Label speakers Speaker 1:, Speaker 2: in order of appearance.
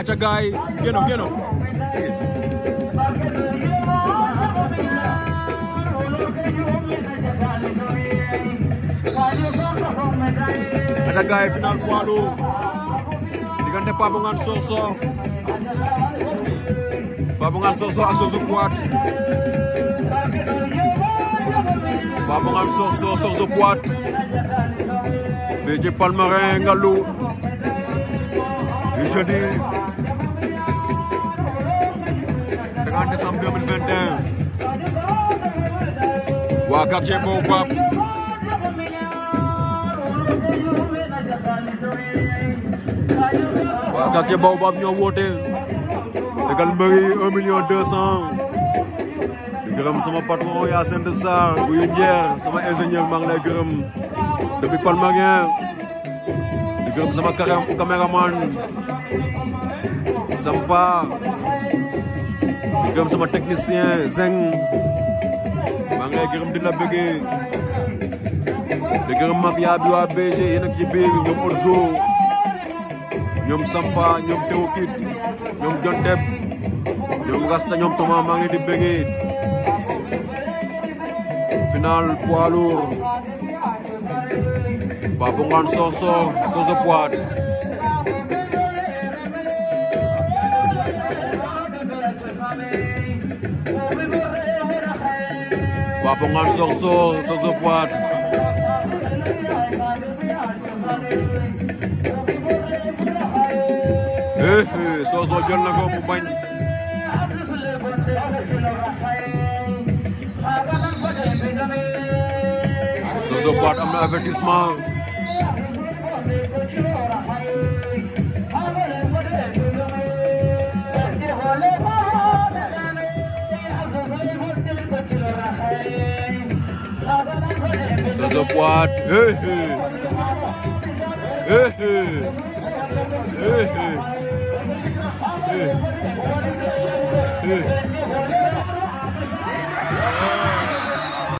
Speaker 1: aca gaay geno aca gaay final poids lourd diggante Papo Ngane Sokh Papo Ngane Sokh ak Sokh Poids Papo Ngane Sokh Sokh Poids fii ci Palmarin Ngalou bisa di dengan desam double vendel cepo bab wakap cepo bab nyowote tegal mbëri 1 million 200 sama patron Yacine sendesa bu sama ingénieur mang ngi lay gërëm depuis Palmarin gërëm sama caméraman Sampa di gërëm sama technicien Zeng maa ngi gërëm di la bëggee di gërëm mafia bi waa BG yéen ak ci biir ñoom Orzo ñoom Sampa ñoom Tewkit ñoom Jontep ñoom Rasta ñoom Toma maa ngi di bëggee final poids lourd Babou Ngone Sossokh Sossokh Pouaty Babou Ngone Sossokh Sossokh Pouaty eh eh Sossokh jël na ko mu bañ so part am na avertissement Ça se Hey, hey. Hey, hey. Hey, hey. Hey. Hey.